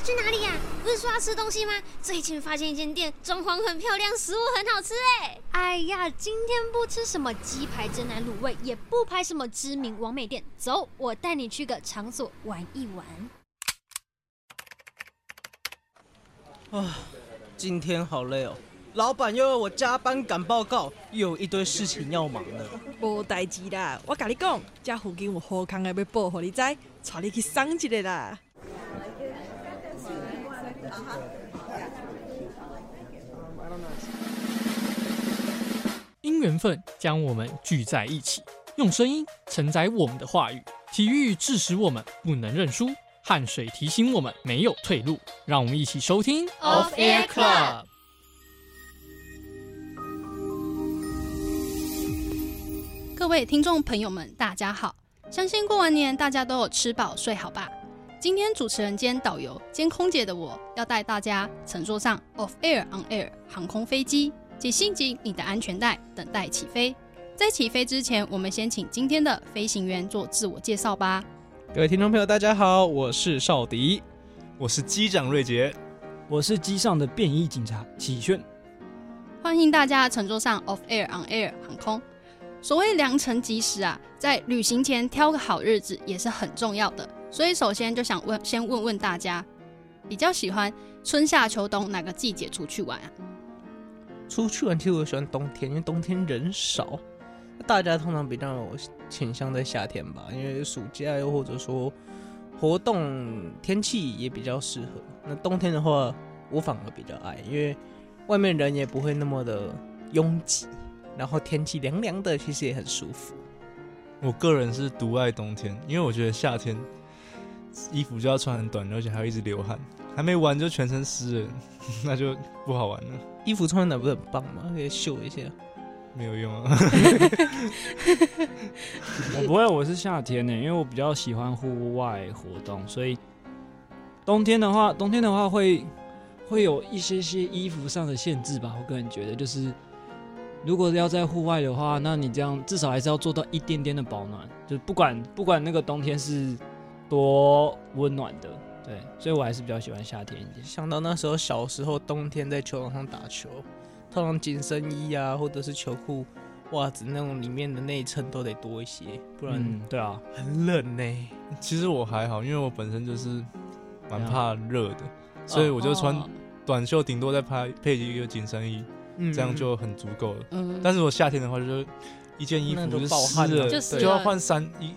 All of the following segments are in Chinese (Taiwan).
去哪裡呀，啊？不是說要吃東西嗎？最近發現一間店，裝潢很漂亮，食物很好吃哎！哎呀，今天不吃什麼雞排，真南滷味，也不拍什麼知名網美店，走，我帶你去個場所玩一玩。啊，今天好累哦，老板又要我加班趕報告，又有一堆事情要忙呢。無代志啦，我甲你講，這附近有好康的要你，要報福利仔，帶你去賞一個啦。因緣分將我們聚在一起，用聲音承載我們的話語。體育致使我們不能認輸，汗水提醒我們沒有退路。讓我們一起收聽 Off Air Club。各位聽眾朋友們，大家好！相信過完年大家都有吃飽睡好吧。今天主持人兼導遊兼空姐的我，要帶大家乘坐上 Off Air On Air 航空飛機，請繫緊你的安全帶，等待起飛。在起飛之前，我們先請今天的飛行員做自我介紹吧。各位聽眾朋友，大家好，我是少迪，我是機長瑞杰，我是機上的便衣警察啟炫。歡迎大家乘坐上 Off Air On Air 航空。所謂良辰吉時啊，在旅行前挑個好日子也是很重要的。所以首先就想問，先問問大家，比較喜歡春夏秋冬哪個季節出去玩啊？出去玩其實我喜歡冬天，因為冬天人少，大家通常比較傾向在夏天吧，因為暑假又或者說活動天氣也比較適合。那冬天的話，我反而比較愛，因為外面人也不會那麼的擁擠，然後天氣涼涼的，其實也很舒服。我個人是獨愛冬天，因為我覺得夏天。衣服就要穿很短，而且還要一直流汗，還沒完就全身濕了，那就不好玩了。衣服穿的不是很棒嗎？可以秀一下，沒有用啊。 我不會，我是夏天呢，因為我比較喜歡戶外活動，所以冬天的話，冬天的話會會有一些些衣服上的限制吧。我個人覺得，就是如果要在戶外的話，那你這樣至少還是要做到一點點的保暖，就不管不管那個冬天是。多溫暖的，對，所以我還是比較喜歡夏天一點。想到那時候小時候冬天在球場上打球，套上緊身衣啊，或者是球褲、襪子那種裡面的內襯都得多一些，不然、嗯、對啊，很冷呢、欸。其實我還好，因為我本身就是蠻怕熱的，有所以我就穿短袖，頂多再拍配一個緊身衣，嗯、這樣就很足夠了。嗯，但是我夏天的話就，就一件衣服就濕了，就要換三衣。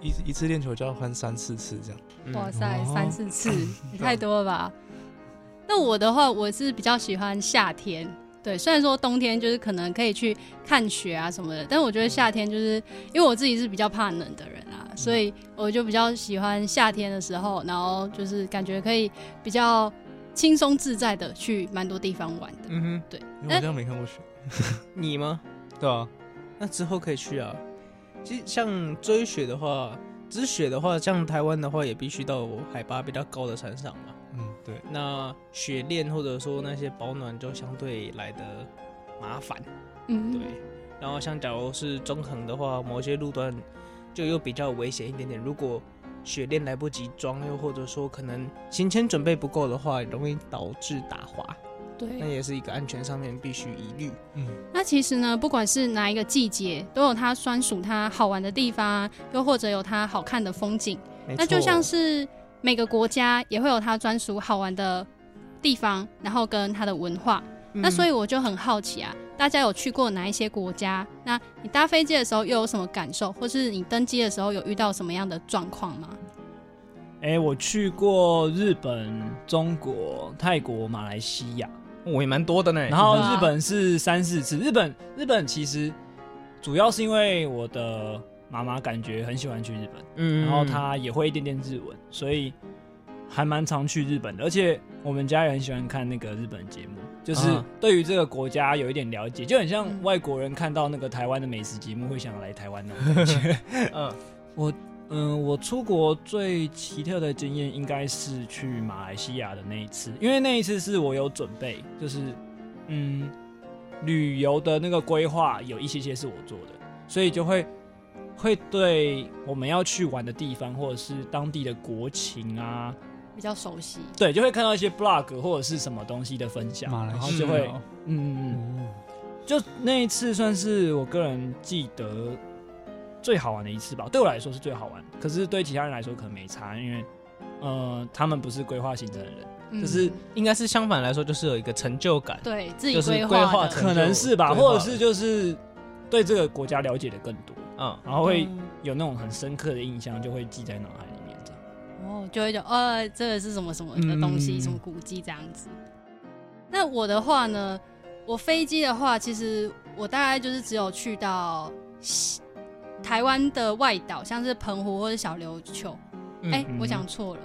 一一次練球就要換三四次，次這樣，哇塞，哦、三四次也太多了吧？ 嗯、那我的話，我是比較喜歡夏天。對，雖然說冬天就是可能可以去看雪啊什麼的，但我覺得夏天就是、嗯、因為我自己是比較怕冷的人啊，嗯、所以我就比較喜歡夏天的時候，然後就是感覺可以比較輕鬆自在的去蠻多地方玩的。嗯哼，對，呃、我真的沒看過雪， 你嗎？對啊，那之後可以去啊。其實像追雪的話，止雪的話，像台灣的話，也必須到海拔比較高的山上嘛。嗯，對。那雪鏈或者說那些保暖就相對來的麻煩。嗯，對。然後像假如是中橫的話，某些路段就又比較危險一點點。如果雪鏈來不及裝，又或者說可能行前準備不夠的話，容易導致打滑。對，那也是一個安全上面必須疑慮。嗯，那其實呢，不管是哪一個季節，都有它專屬它好玩的地方，又或者有它好看的風景。沒錯。那就像是每個國家也會有它專屬好玩的地方，然後跟它的文化。嗯、那所以我就很好奇啊，大家有去過哪一些國家？那你搭飛機的時候又有什麼感受，或是你登機的時候有遇到什麼樣的狀況嗎？哎、欸，我去過日本、中國、泰國、馬來西亞。我、哦、也蠻多的呢，然後日本是三四次。嗯啊、日本，日本其實主要是因為我的媽媽感覺很喜歡去日本，嗯嗯嗯，然後她也會一點點日文，所以還蠻常去日本的。而且我們家也很喜歡看那個日本節目，就是對於這個國家有一點了解，啊、就很像外國人看到那個台灣的美食節目會想來台灣的感覺。嗯、 呃，我。嗯，我出國最奇特的經驗應該是去馬來西亞的那一次，因為那一次是我有準備，就是嗯，旅遊的那個規劃有一些些是我做的，所以就會會對我們要去玩的地方或者是當地的國情啊比較熟悉。對，就會看到一些 blog 或者是什麼東西的分享，馬來西亞，然後就會嗯嗯，就那一次算是我個人記得。最好玩的一次吧，對我來說是最好玩。可是對其他人來說可能沒差，因為呃，他們不是規劃行程的人，就、嗯、是應該是相反來說，就是有一個成就感，對自己規劃，就是規劃的可能是吧，吧或者是就是對這個國家了解的更多，嗯，然後會有那種很深刻的印象，就會記在腦海裡面，這樣、嗯、哦，就會覺得，呃、哦，這個是什麼什麼的東西，嗯、什麼古蹟這樣子。那我的話呢，嗯、我飛機的話，其實我大概就是只有去到台灣的外島，像是澎湖或者小琉球，哎、嗯欸，我講錯了，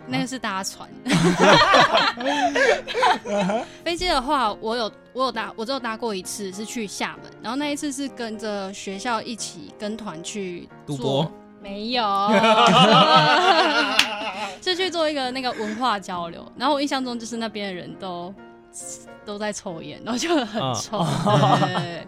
嗯、那個是搭船。啊、 飛機的話，我有我有搭，我只有搭過一次，是去廈門，然後那一次是跟着學校一起跟團去。做伯。賭博？沒有，是 去做一個那個文化交流。然後我印象中就是那邊的人都都在抽煙，然後就很臭。對。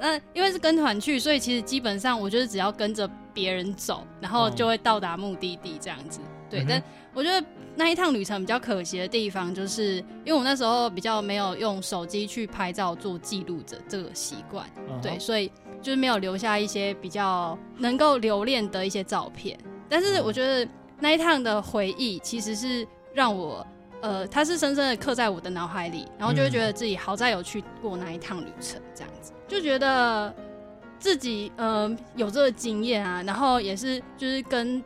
那因為是跟團去，所以其實基本上我就是只要跟着別人走，然後就會到達目的地這樣子。嗯、哼對，但我覺得那一趟旅程比較可惜的地方，就是因為我那時候比較沒有用手機去拍照做記錄的這個習慣，嗯、哼對，所以就是沒有留下一些比較能夠留戀的一些照片。但是我覺得那一趟的回憶，其實是讓我。呃，他是深深的刻在我的腦海裡，然後就會覺得自己好在有去過那一趟旅程，這樣子、嗯、就覺得自己嗯、呃、有這個經驗啊，然後也是就是跟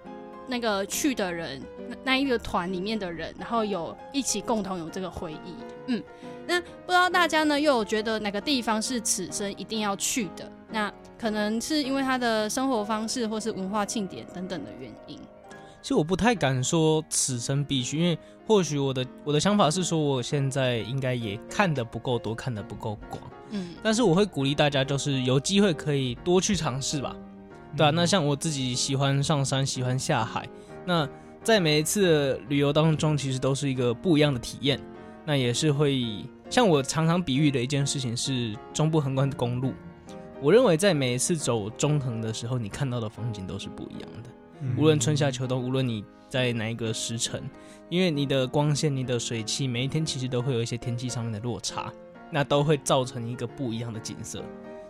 那個去的人那那一個團裡面的人，然後有一起共同有這個回憶，嗯，那不知道大家呢又有覺得哪個地方是此生一定要去的？那可能是因為他的生活方式或是文化慶典等等的原因。其實我不太敢說此生必須，因為或許我的我的想法是說，我現在應該也看得不夠多，看得不夠廣，嗯。但是我會鼓勵大家，就是有機會可以多去嘗試吧，嗯、對啊，那像我自己喜歡上山，喜歡下海，那在每一次的旅遊當中，其實都是一個不一樣的體驗。那也是會像我常常比喻的一件事情是中部橫貫的公路，我認為在每一次走中橫的時候，你看到的風景都是不一樣的。無論春夏秋冬，無論你在哪一個時辰，因為你的光線、你的水汽，每一天其實都會有一些天氣上面的落差，那都會造成一個不一樣的景色。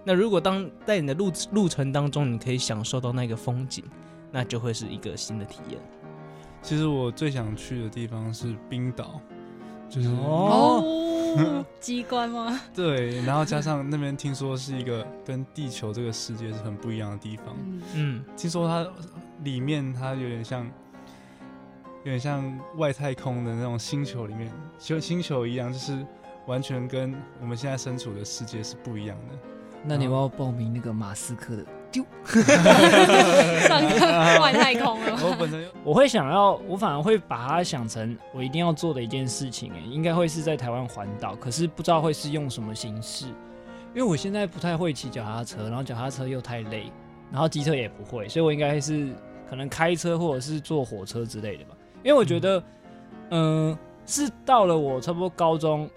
那如果當在你的路路程當中，你可以享受到那個風景，那就會是一個新的體驗。其實我最想去的地方是冰島，就是哦， 極光嗎？對，然後加上那邊聽說是一個跟地球這個世界是很不一樣的地方。嗯，聽說它。裡面它有點像，有點像外太空的那種星球裡面，星星球一樣，就是完全跟我們現在身處的世界是不一樣的。那你要不要報名那個馬斯克的丟？上外太空了，我本身我會想要，我反而會把它想成我一定要做的一件事情。欸，應該會是在台灣環島，可是不知道會是用什麼形式。因為我現在不太會騎腳踏車，然後腳踏車又太累，然後機車也不會，所以我應該是。可能開車或者是坐火車之類的吧，因為我覺得，嗯、呃，是到了我差不多高中，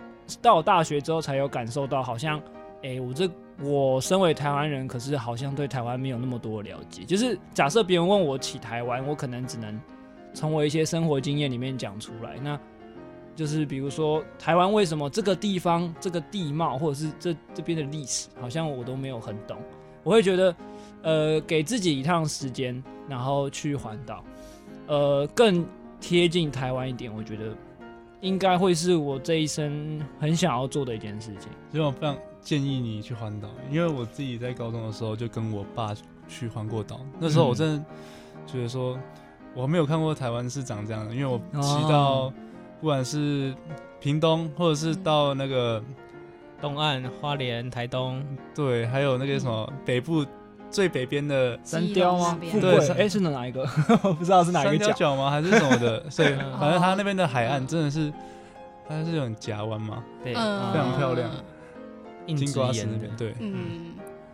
到我大學之後才有感受到，好像，誒、欸，我這我身為台灣人，可是好像對台灣沒有那麼多了解。就是假設別人問我起台灣，我可能只能從我一些生活經驗裡面講出來。那就是比如說台灣為什麼這個地方這個地貌，或者是這這邊的歷史，好像我都沒有很懂。我會覺得，呃，給自己一趟時間，然後去環島，呃，更貼近台灣一點。我覺得應該會是我這一生很想要做的一件事情。所以我非常建議你去環島，因為我自己在高中的時候就跟我爸去環過島。那時候我真的覺得說，我沒有看過台灣是長這樣的，因為我騎到不管是屏東，或者是到那個。東岸、花蓮、台東，對，還有那個什麼北部最北邊的三貂角嗎？對，哎，是哪一個？不知道是哪一個角嗎？還是什麼的？所以反正它那邊的海岸真的是，它是有夾彎嘛？對，非常漂亮。金瓜石那邊，對，嗯。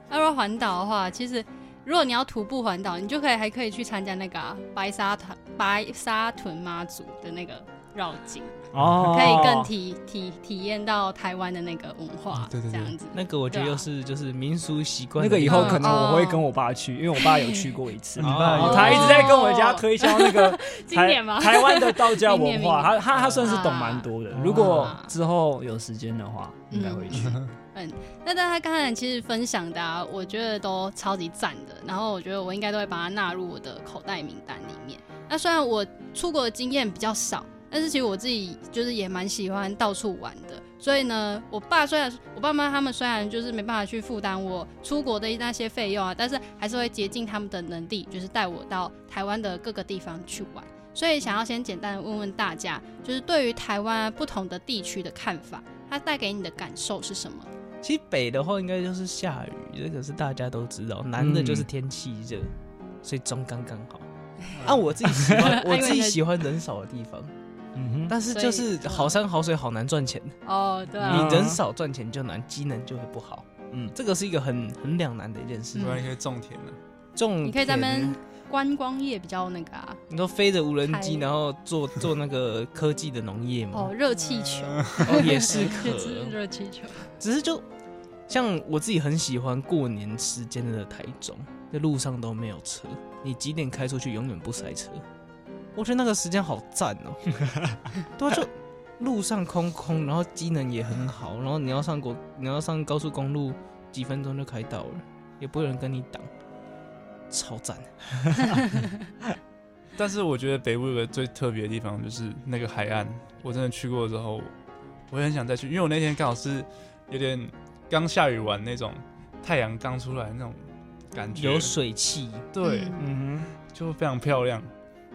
要說環島的話，其實如果你要徒步環島，你就可以還可以去參加那個白沙屯、白沙屯媽祖的那個繞境。哦，可以更體體體驗到台灣的那個文化，對對對，這樣子。那個我覺得又是就是民俗習慣，那個以後可能我會跟我爸去，因為我爸有去過一次，我他一直在跟我家推銷那個經典嗎？台灣的道教文化，他他他算是懂蠻多的。如果之後有時間的話，應該會去。嗯，那大家剛才其實分享的，我覺得都超級讚的。然後我覺得我應該都會把它納入我的口袋名單裡面。那雖然我出國的經驗比較少，但是其實我自己就是也蠻喜歡到處玩的，所以呢，我爸雖然我爸媽他們雖然就是沒辦法去負擔我出國的那些費用啊，但是還是會竭盡他們的能力，就是帶我到台灣的各個地方去玩。所以想要先簡單的問問大家，就是對於台灣不同的地區的看法，它帶給你的感受是什麼？其實北的話應該就是下雨，這個是大家都知道。南的就是天氣熱，嗯、所以中剛剛好。按、啊、我自己喜歡，嗯、我自己喜歡人少的地方。嗯哼，但是就是好山好水好難賺錢哦。對，oh, 對啊。你人少賺錢就難，機能就會不好。嗯，這個是一個很很兩難的一件事。不然、嗯、你可以種田啊，種田你可以咱們觀光業比較那個啊。你都飛着無人機，台然後做做那個科技的農業嗎？哦，oh, 熱氣球、 哦、也是可。 是熱氣球。只是就，像我自己很喜歡過年時間的台中，那路上都沒有車，你幾點開出去永遠不塞車。我覺得那個時間好讚哦，對、啊，就路上空空，然後機能也很好，然後你要上國，你要上高速公路，幾分鐘就開到了，也不會有人跟你擋，超讚啊。但是我覺得北部有個最特別的地方就是那個海岸。我真的去過之後，我也很想再去，因為我那天剛好是有點剛下雨完那種，太陽剛出來那種感覺，有水汽，對，嗯哼，就非常漂亮。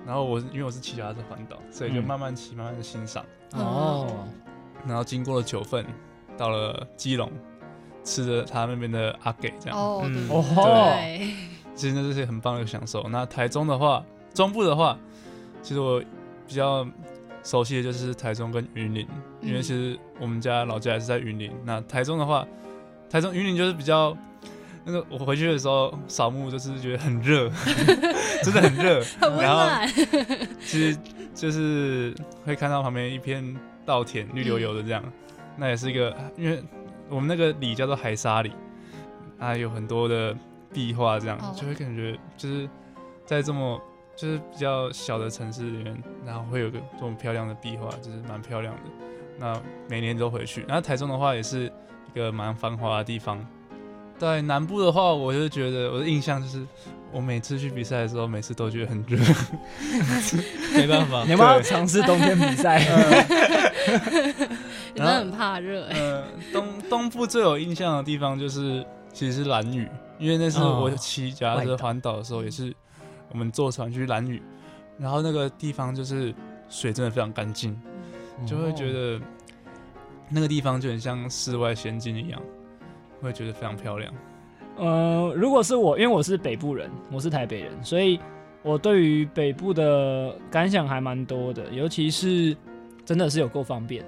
然後我因為我是騎腳踏車環島，所以就慢慢騎，嗯、慢慢的欣賞哦。然後經過了九份，到了基隆，吃着他那邊的阿給這樣哦。哦，對，嗯、對對，其實那是些很棒的享受。那台中的話，中部的話，其實我比較熟悉的就是台中跟雲林，因為其實我們家老家還是在雲林。嗯、那台中的話，台中雲林就是比較。那個我回去的時候掃墓，就是覺得很熱， 真的很熱。然後其實就是會看到旁邊一片稻田綠油油的，這樣。嗯、那也是一個、啊，因為我們那個里叫做海沙里，啊，有很多的壁畫，這樣就會感覺就是在這麼就是比較小的城市裡面，然後會有個這麼漂亮的壁畫，就是蠻漂亮的。那每年都回去，然後台中的話也是一個蠻繁華的地方。對南部的話，我就覺得我的印象就是，我每次去比賽的時候，每次都覺得很熱， 沒辦法。有沒有嘗試冬天比賽？你真的很怕熱。嗯、呃，東東部最有印象的地方就是，其實是蘭嶼，因為那時候我騎腳踏車環島的時候，也是我們坐船去蘭嶼，然後那個地方就是水真的非常乾淨，就會覺得那個地方就很像世外仙境一樣。我也覺得非常漂亮，呃，如果是我，因為我是北部人，我是台北人，所以我對於北部的感想還蠻多的，尤其是真的是有夠方便，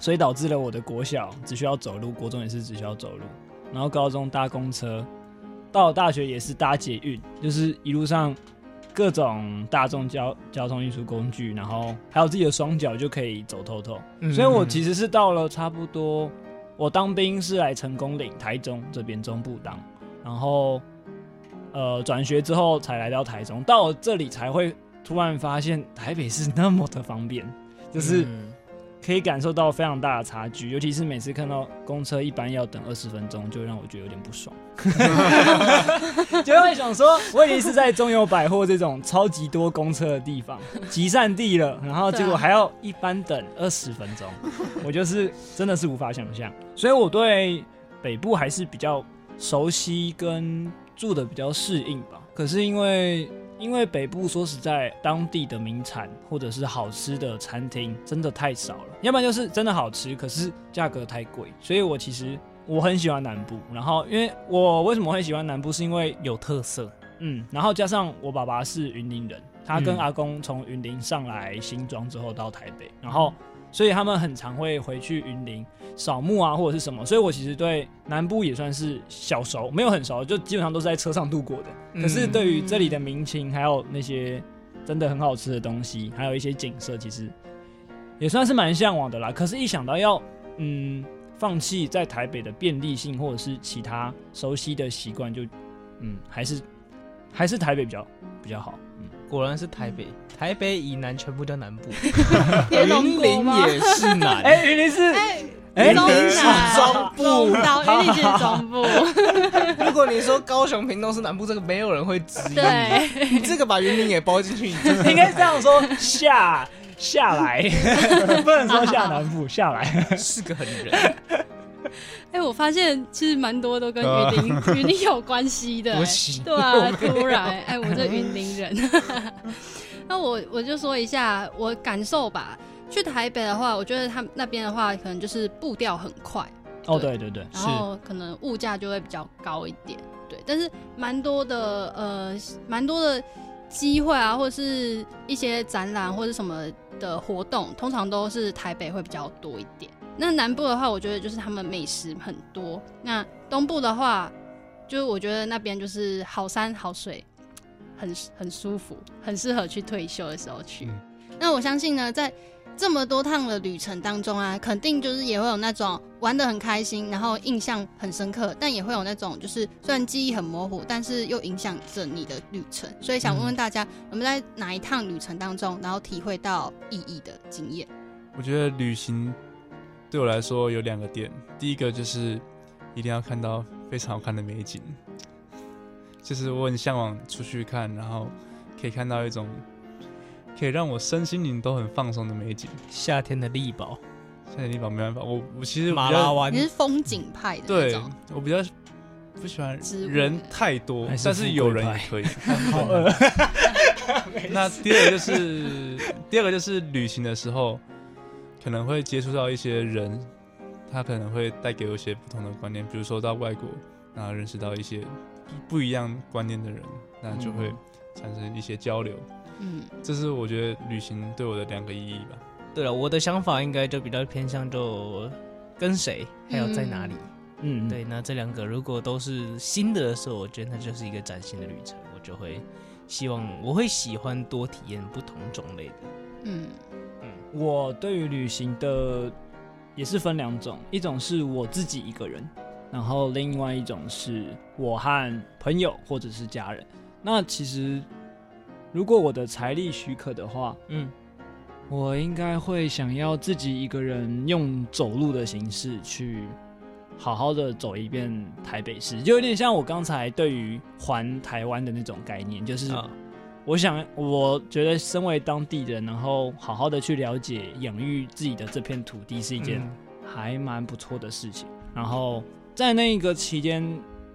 所以導致了我的國小只需要走路，國中也是只需要走路，然後高中搭公車，到了大學也是搭捷運，就是一路上各種大眾交交通運輸工具，然後還有自己的雙腳就可以走透透。嗯，所以我其實是到了差不多。我當兵是來成功嶺，台中這邊中部當，然後，呃，轉學之後才來到台中，到我這裡才會突然發現台北是那麼的方便，就是。嗯可以感受到非常大的差距，尤其是每次看到公車一般要等二十分鐘，就讓我覺得有點不爽。就會想說，我已經是在中友百貨這種超級多公車的地方集散地了，然後結果還要一般等二十分鐘，啊、我就是真的是無法想象。所以我對北部還是比較熟悉跟住的比較適應吧，可是因為。因為北部說實在，當地的名產或者是好吃的餐廳真的太少了，要不然就是真的好吃，可是價格太貴。所以我其實我很喜歡南部，然後因為我為什麼會喜歡南部，是因為有特色，嗯，然後加上我爸爸是雲林人，他跟阿公從雲林上來新莊之後到台北，然後。所以他們很常會回去雲林掃墓啊，或者是什麼。所以我其實對南部也算是小熟，沒有很熟，就基本上都是在車上度過的。可是對於這裡的民情，還有那些真的很好吃的東西，還有一些景色，其實也算是蠻嚮往的啦。可是，一想到要嗯放棄在台北的便利性，或者是其他熟悉的習慣，就嗯還是還是台北比較比較好。果然是台北，台北以南全部叫南部，雲 林也是南。哎、欸，雲林是哎，雲林是中部，雲林是中部。 如果你說高雄、屏東是南部，這個沒有人會質疑對你。這個把雲林也包進去，你 應該這樣說：下下來， 好好不能說下南部，下來 是個狠人。 哎、欸，我發現其實蠻多都跟雲林、雲 林有關係的、欸，對啊，突然、欸，哎、欸，我這雲林人。 那我我就說一下我感受吧。去台北的話，我覺得他那邊的話，可能就是步調很快。哦，對對對，然後可能物價就會比較高一點。對，但是蠻多的呃，蠻多的機會啊，或者是一些展覽或者是什麼的活動，通常都是台北會比較多一點。那南部的話，我覺得就是他們美食很多。那東部的話，就是我覺得那邊就是好山好水，很很舒服，很適合去退休的時候去。嗯、那我相信呢，在這麼多趟的旅程當中啊，肯定就是也會有那種玩得很開心，然後印象很深刻，但也會有那種就是雖然記憶很模糊，但是又影響着你的旅程。所以想問問大家，我們在哪一趟旅程當中，然後體會到意義的經驗？我覺得旅行。對我來說有兩個點，第一個就是一定要看到非常好看的美景，就是我很向往出去看，然後可以看到一種可以讓我身心靈都很放鬆的美景。夏天的麗寶，夏天麗寶沒辦法，我我其實馬拉灣、嗯、你是風景派的，對，我比較不喜歡人，人太多，還是但是有人也可以。還那第二個就是， 第二個就是旅行的時候。可能會接觸到一些人，他可能會帶給我一些不同的觀念，比如說到外國，然後認識到一些不，不一樣觀念的人，那就會產生一些交流。嗯，這是我覺得旅行對我的兩個意義吧。對了、啊，我的想法應該就比較偏向就跟誰，還有在哪裡。嗯，嗯，對，那這兩個如果都是新的，的時候，我覺得那就是一個嶄新的旅程，我就會。希望我會喜歡多體驗不同種類的，嗯嗯，我對於旅行的也是分兩種，一種是我自己一個人，然後另外一種是我和朋友或者是家人。那其實如果我的財力許可的話，嗯，我應該會想要自己一個人用走路的形式去。好好的走一遍台北市，就有點像我剛才對於環台灣的那種概念，就是我想，我覺得身為當地人，然後好好的去了解養育自己的這片土地是一件還蠻不錯的事情。然後在那一個期間，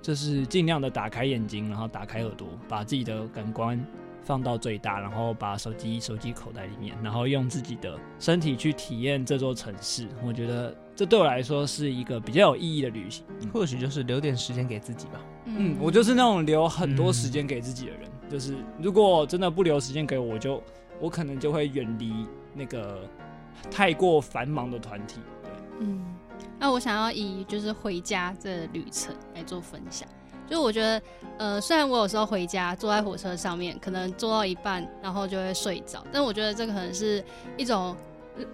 就是盡量的打開眼睛，然後打開耳朵，把自己的感官。放到最大，然後把手機手機口袋裡面，然後用自己的身體去體驗這座城市。我覺得這對我來說是一個比較有意義的旅行。嗯，或許就是留點時間給自己吧。嗯，我就是那種留很多時間給自己的人。嗯，就是如果真的不留時間給我，我就我可能就會遠離那個太過繁忙的團體。對，嗯，那我想要以就是回家這旅程來做分享。就我覺得，呃，雖然我有時候回家坐在火車上面，可能坐到一半然後就會睡着，但我覺得這個可能是一種，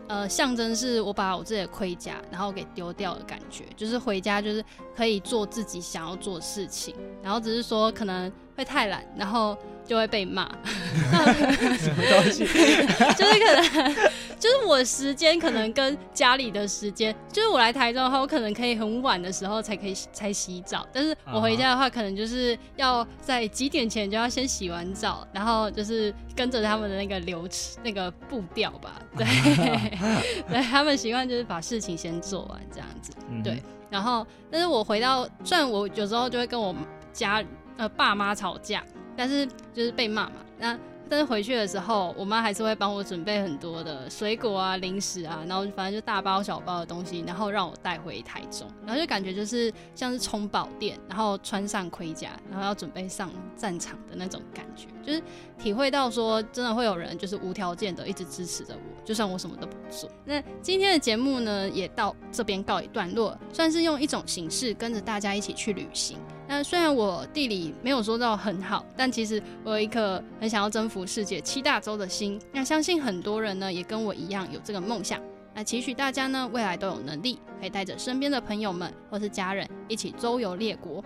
呃，象徵是我把我自己的盔甲然後給丟掉的感覺，就是回家就是可以做自己想要做的事情，然後只是說可能會太懶，然後就會被罵，什麼東西，就是可能。就是我時間可能跟家裡的時間， 就是我來台中的話，我可能可以很晚的時候才可以才洗澡，但是我回家的話，可能就是要在幾點前就要先洗完澡，啊、然後就是跟着他們的那個流程，那個步調吧。對， 對他們習慣就是把事情先做完這樣子。嗯、對，然後但是我回到，雖然我有時候就會跟我家呃爸媽吵架，但是就是被罵嘛。那但是回去的時候，我媽還是會幫我準備很多的水果啊、零食啊，然後反正就大包小包的東西，然後讓我帶回台中。然後就感覺就是像是充飽電，然後穿上盔甲，然後要準備上戰場的那種感覺，就是體會到說，真的會有人就是無條件的一直支持着我，就算我什麼都不做。那今天的節目呢，也到這邊告一段落，算是用一種形式跟着大家一起去旅行。那雖然我地理沒有說到很好，但其實我有一顆很想要征服世界七大洲的心。那相信很多人呢也跟我一樣有這個夢想。那期許大家呢未來都有能力，可以帶着身邊的朋友們或是家人一起周遊列國。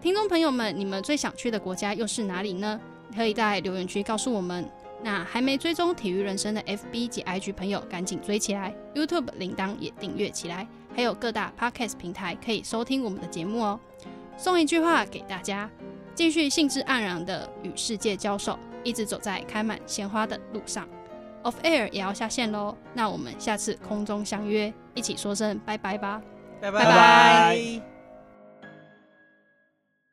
聽眾朋友們，你們最想去的國家又是哪裡呢？可以在留言區告訴我們。那還沒追蹤體育人生的 F B 及 I G 朋友，趕緊追起來！YouTube 鈴鐺也訂閱起來，還有各大 Podcast 平台可以收聽我們的節目哦。送一句話給大家：繼續興致盎然地與世界交手，一直走在開滿鮮花的路上。Off Air 也要下線嘍，那我們下次空中相約，一起說聲拜拜吧，拜拜，拜拜。拜拜。